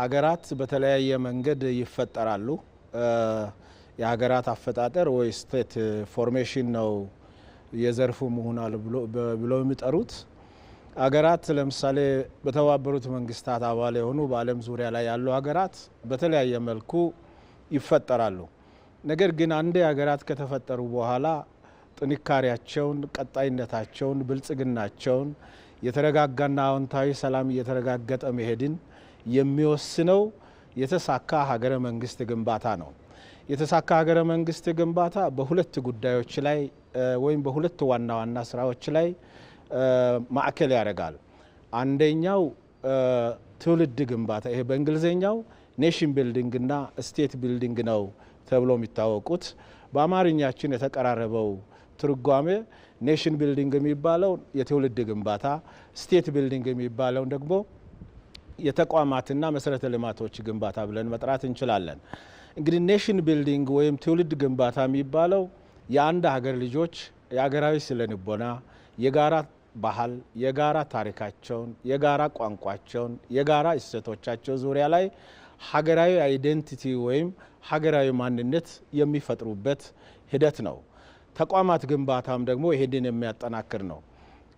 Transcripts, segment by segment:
ሀገራት በተለያየ መንገድ ይፈጠራሉ። የሀገራት አፈጣጠር ወይ ስቴት ፎርሜሽን ነው የዘርፉ መሆናል ብሎ የሚጠሩት ሀገራት ለምሳሌ በተባበሩት መንግስታት አባል የሆኑ በዓለም ዙሪያ ላይ ያሉ ሀገራት በተለያየ መልኩ ይፈጠራሉ። ነገር ግን አንዴ ሀገራት ከተፈጠሩ በኋላ ጥንካሬያቸውን፣ ቀጣይነታቸውን፣ ብልጽግናቸውን የተረጋጋና አዎንታዊ ሰላም እየተረጋገጠ መሄድን የሚወስነው የተሳካ ሀገረ መንግስት ግንባታ ነው። የተሳካ ሀገረ መንግስት ግንባታ በሁለት ጉዳዮች ላይ ወይም በሁለት ዋና ዋና ስራዎች ላይ ማዕከል ያደርጋል። አንደኛው ትውልድ ግንባታ ይሄ በእንግሊዝኛው ኔሽን ቢልዲንግና ስቴት ቢልዲንግ ነው ተብሎ የሚታወቁት በአማርኛችን የተቀራረበው ትርጓሜ ኔሽን ቢልዲንግ የሚባለው የትውልድ ግንባታ፣ ስቴት ቢልዲንግ የሚባለውን ደግሞ የተቋማትና መሰረተ ልማቶች ግንባታ ብለን መጥራት እንችላለን። እንግዲህ ኔሽን ቢልዲንግ ወይም ትውልድ ግንባታ የሚባለው የአንድ ሀገር ልጆች የሀገራዊ ስነልቦና፣ የጋራ ባህል፣ የጋራ ታሪካቸውን፣ የጋራ ቋንቋቸውን፣ የጋራ እሴቶቻቸው ዙሪያ ላይ ሀገራዊ አይዴንቲቲ ወይም ሀገራዊ ማንነት የሚፈጥሩበት ሂደት ነው። ተቋማት ግንባታም ደግሞ ይሄንን የሚያጠናክር ነው።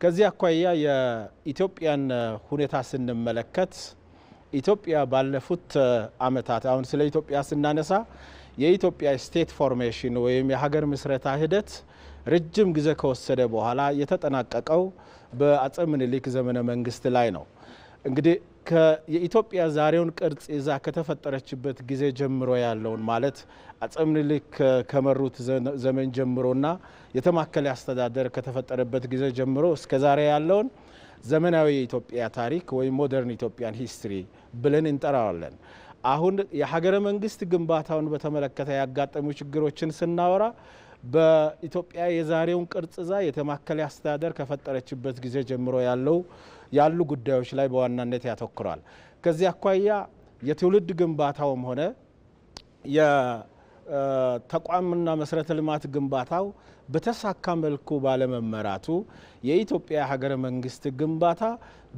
ከዚህ አኳያ የኢትዮጵያን ሁኔታ ስንመለከት ኢትዮጵያ ባለፉት ዓመታት አሁን ስለ ኢትዮጵያ ስናነሳ የኢትዮጵያ ስቴት ፎርሜሽን ወይም የሀገር ምስረታ ሂደት ረጅም ጊዜ ከወሰደ በኋላ የተጠናቀቀው በአጼ ምኒልክ ዘመነ መንግስት ላይ ነው። እንግዲህ የኢትዮጵያ ዛሬውን ቅርጽ ይዛ ከተፈጠረችበት ጊዜ ጀምሮ ያለውን ማለት አፄ ምኒልክ ከመሩት ዘመን ጀምሮና የተማከለ አስተዳደር ከተፈጠረበት ጊዜ ጀምሮ እስከ ዛሬ ያለውን ዘመናዊ የኢትዮጵያ ታሪክ ወይም ሞደርን ኢትዮጵያን ሂስትሪ ብለን እንጠራዋለን። አሁን የሀገረ መንግስት ግንባታውን በተመለከተ ያጋጠሙ ችግሮችን ስናወራ በኢትዮጵያ የዛሬውን ቅርጽ ይዛ የተማከለ አስተዳደር ከፈጠረችበት ጊዜ ጀምሮ ያለው ያሉ ጉዳዮች ላይ በዋናነት ያተኩራል። ከዚህ አኳያ የትውልድ ግንባታውም ሆነ የተቋምና መሰረተ ልማት ግንባታው በተሳካ መልኩ ባለመመራቱ የኢትዮጵያ ሀገረ መንግስት ግንባታ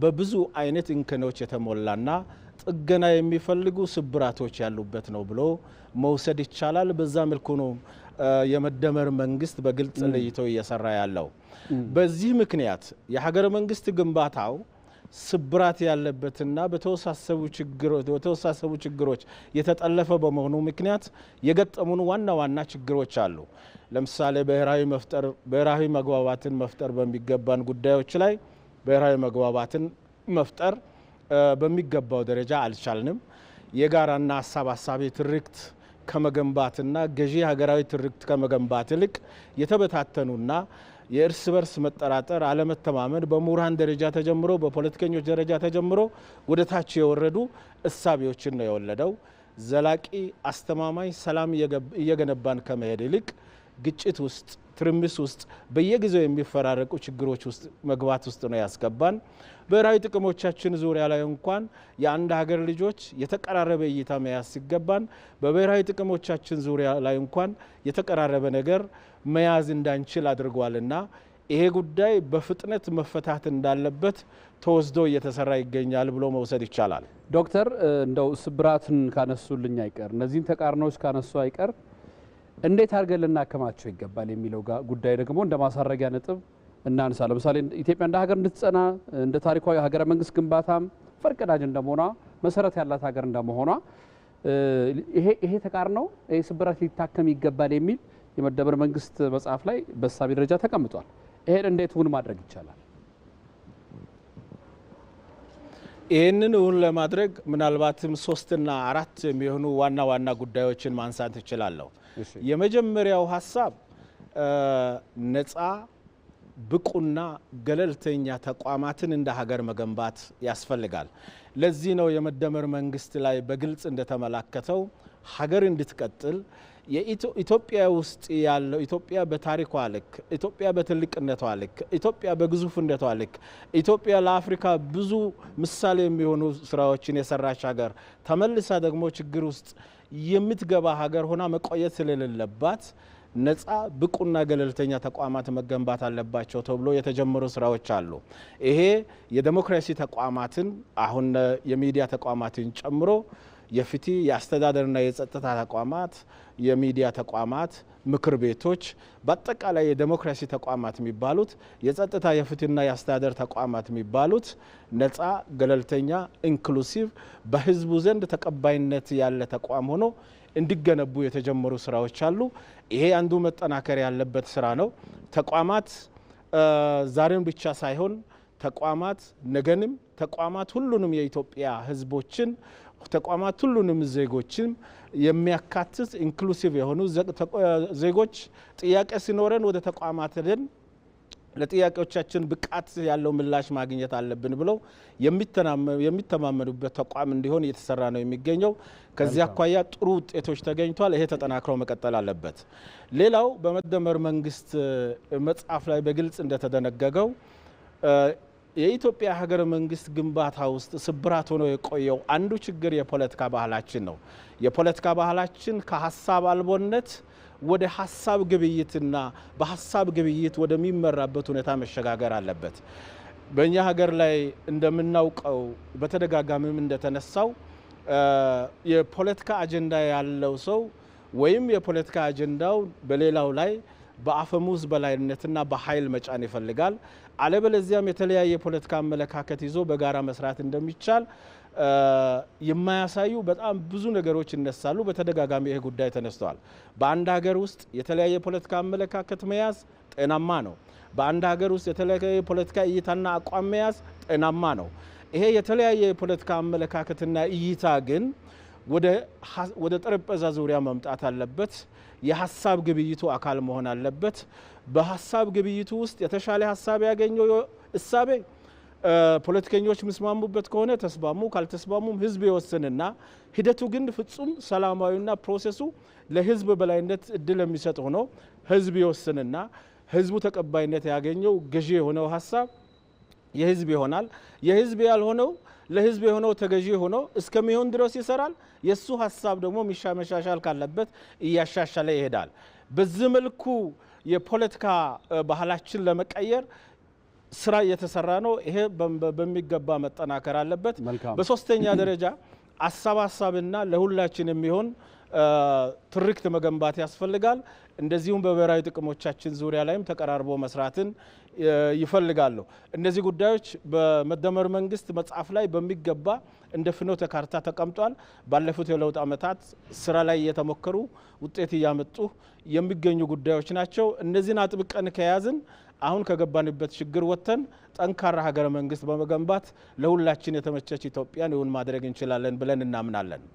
በብዙ አይነት እንከኖች የተሞላና ጥገና የሚፈልጉ ስብራቶች ያሉበት ነው ብሎ መውሰድ ይቻላል። በዛ መልኩ ነው የመደመር መንግስት በግልጽ ለይቶ እየሰራ ያለው። በዚህ ምክንያት የሀገረ መንግስት ግንባታው ስብራት ያለበትና በተወሳሰቡ ችግሮች የተጠለፈ በመሆኑ ምክንያት የገጠሙን ዋና ዋና ችግሮች አሉ። ለምሳሌ ብሔራዊ መግባባትን መፍጠር በሚገባን ጉዳዮች ላይ ብሔራዊ መግባባትን መፍጠር በሚገባው ደረጃ አልቻልንም። የጋራና ሀሳብ ሀሳቢ ትርክት ከመገንባትና ገዢ ሀገራዊ ትርክት ከመገንባት ይልቅ የተበታተኑና የእርስ በርስ መጠራጠር፣ አለመተማመን በምሁራን ደረጃ ተጀምሮ በፖለቲከኞች ደረጃ ተጀምሮ ወደ ታች የወረዱ እሳቤዎችን ነው የወለደው። ዘላቂ አስተማማኝ ሰላም እየገነባን ከመሄድ ይልቅ ግጭት ውስጥ ትርምስ ውስጥ በየጊዜው የሚፈራረቁ ችግሮች ውስጥ መግባት ውስጥ ነው ያስገባን። ብሔራዊ ጥቅሞቻችን ዙሪያ ላይ እንኳን የአንድ ሀገር ልጆች የተቀራረበ እይታ መያዝ ሲገባን በብሔራዊ ጥቅሞቻችን ዙሪያ ላይ እንኳን የተቀራረበ ነገር መያዝ እንዳንችል አድርጓልና ይሄ ጉዳይ በፍጥነት መፈታት እንዳለበት ተወስዶ እየተሰራ ይገኛል ብሎ መውሰድ ይቻላል። ዶክተር እንደው ስብራትን ካነሱልኝ አይቀር እነዚህን ተቃርኖች ካነሱ አይቀር እንዴት አድርገን ልናከማቸው ይገባል የሚለው ጉዳይ ደግሞ እንደ ማሳረጊያ ነጥብ እናንሳ። ለምሳሌ ኢትዮጵያ እንደ ሀገር እንድትጸና እንደ ታሪኳ ሀገረ መንግስት ግንባታም ፈርቀዳጅ እንደመሆኗ መሰረት ያላት ሀገር እንደመሆኗ ይሄ ነው ይሄ ስብራት ሊታከም ይገባል የሚል የመደመር መንግስት መጽሐፍ ላይ በሳቢ ደረጃ ተቀምጧል። ይሄን እንዴት እውን ማድረግ ይቻላል? ይህንን እውን ለማድረግ ምናልባትም ሶስትና አራት የሚሆኑ ዋና ዋና ጉዳዮችን ማንሳት እችላለሁ። የመጀመሪያው ሀሳብ ነፃ ብቁና ገለልተኛ ተቋማትን እንደ ሀገር መገንባት ያስፈልጋል። ለዚህ ነው የመደመር መንግስት ላይ በግልጽ እንደተመላከተው ሀገር እንድትቀጥል ኢትዮጵያ ውስጥ ያለው ኢትዮጵያ በታሪኳ ልክ ኢትዮጵያ በትልቅነቷ ልክ ኢትዮጵያ በግዙፍነቷ ልክ ኢትዮጵያ ለአፍሪካ ብዙ ምሳሌ የሚሆኑ ስራዎችን የሰራች ሀገር ተመልሳ ደግሞ ችግር ውስጥ የምትገባ ሀገር ሆና መቆየት ስለሌለባት ነፃ ብቁና ገለልተኛ ተቋማት መገንባት አለባቸው ተብሎ የተጀመሩ ስራዎች አሉ። ይሄ የዴሞክራሲ ተቋማትን አሁን የሚዲያ ተቋማትን ጨምሮ የፍትህ የአስተዳደርና የጸጥታ ተቋማት፣ የሚዲያ ተቋማት፣ ምክር ቤቶች፣ በአጠቃላይ የዴሞክራሲ ተቋማት የሚባሉት የጸጥታ የፍትህና የአስተዳደር ተቋማት የሚባሉት ነፃ፣ ገለልተኛ፣ ኢንክሉሲቭ በህዝቡ ዘንድ ተቀባይነት ያለ ተቋም ሆኖ እንዲገነቡ የተጀመሩ ስራዎች አሉ። ይሄ አንዱ መጠናከር ያለበት ስራ ነው። ተቋማት ዛሬም ብቻ ሳይሆን ተቋማት ነገንም ተቋማት ሁሉንም የኢትዮጵያ ህዝቦችን ተቋማት ሁሉንም ዜጎችን የሚያካትት ኢንክሉሲቭ የሆኑ ዜጎች ጥያቄ ሲኖረን ወደ ተቋማት ሄደን ለጥያቄዎቻችን ብቃት ያለው ምላሽ ማግኘት አለብን ብለው የሚተማመኑበት ተቋም እንዲሆን እየተሰራ ነው የሚገኘው። ከዚህ አኳያ ጥሩ ውጤቶች ተገኝቷል። ይሄ ተጠናክሮ መቀጠል አለበት። ሌላው በመደመር መንግስት መጽሐፍ ላይ በግልጽ እንደተደነገገው የኢትዮጵያ ሀገረ መንግስት ግንባታ ውስጥ ስብራት ሆኖ የቆየው አንዱ ችግር የፖለቲካ ባህላችን ነው። የፖለቲካ ባህላችን ከሀሳብ አልቦነት ወደ ሀሳብ ግብይትና በሀሳብ ግብይት ወደሚመራበት ሁኔታ መሸጋገር አለበት። በእኛ ሀገር ላይ እንደምናውቀው በተደጋጋሚም እንደተነሳው የፖለቲካ አጀንዳ ያለው ሰው ወይም የፖለቲካ አጀንዳው በሌላው ላይ በአፈሙዝ በላይነትና በኃይል መጫን ይፈልጋል። አለበለዚያም የተለያየ የፖለቲካ አመለካከት ይዞ በጋራ መስራት እንደሚቻል የማያሳዩ በጣም ብዙ ነገሮች ይነሳሉ። በተደጋጋሚ ይሄ ጉዳይ ተነስተዋል። በአንድ ሀገር ውስጥ የተለያየ የፖለቲካ አመለካከት መያዝ ጤናማ ነው። በአንድ ሀገር ውስጥ የተለያየ የፖለቲካ እይታና አቋም መያዝ ጤናማ ነው። ይሄ የተለያየ የፖለቲካ አመለካከትና እይታ ግን ወደ ጠረጴዛ ዙሪያ መምጣት አለበት። የሀሳብ ግብይቱ አካል መሆን አለበት። በሀሳብ ግብይቱ ውስጥ የተሻለ ሀሳብ ያገኘው እሳቤ ፖለቲከኞች የሚስማሙበት ከሆነ ተስማሙ፣ ካልተስማሙም ህዝብ ይወስንና ሂደቱ ግን ፍጹም ሰላማዊና ፕሮሴሱ ለህዝብ በላይነት እድል የሚሰጥ ሆኖ ህዝብ ይወስንና ህዝቡ ተቀባይነት ያገኘው ገዢ የሆነው ሀሳብ የህዝብ ይሆናል። የህዝብ ያልሆነው ለህዝብ የሆነው ተገዢ ሆኖ እስከሚሆን ድረስ ይሰራል። የእሱ ሀሳብ ደግሞ መሻሻል ካለበት እያሻሻለ ይሄዳል። በዚህ መልኩ የፖለቲካ ባህላችን ለመቀየር ስራ እየተሰራ ነው። ይሄ በሚገባ መጠናከር አለበት። በሶስተኛ ደረጃ ሀሳብና ለሁላችን የሚሆን ትርክት መገንባት ያስፈልጋል። እንደዚሁም በብሔራዊ ጥቅሞቻችን ዙሪያ ላይም ተቀራርቦ መስራትን ይፈልጋሉ። እነዚህ ጉዳዮች በመደመር መንግስት መጽሐፍ ላይ በሚገባ እንደ ፍኖተ ካርታ ተቀምጧል። ባለፉት የለውጥ ዓመታት ስራ ላይ እየተሞከሩ ውጤት እያመጡ የሚገኙ ጉዳዮች ናቸው። እነዚህን አጥብቀን ከያዝን አሁን ከገባንበት ችግር ወጥተን ጠንካራ ሀገረ መንግስት በመገንባት ለሁላችን የተመቸች ኢትዮጵያን ይሁን ማድረግ እንችላለን ብለን እናምናለን።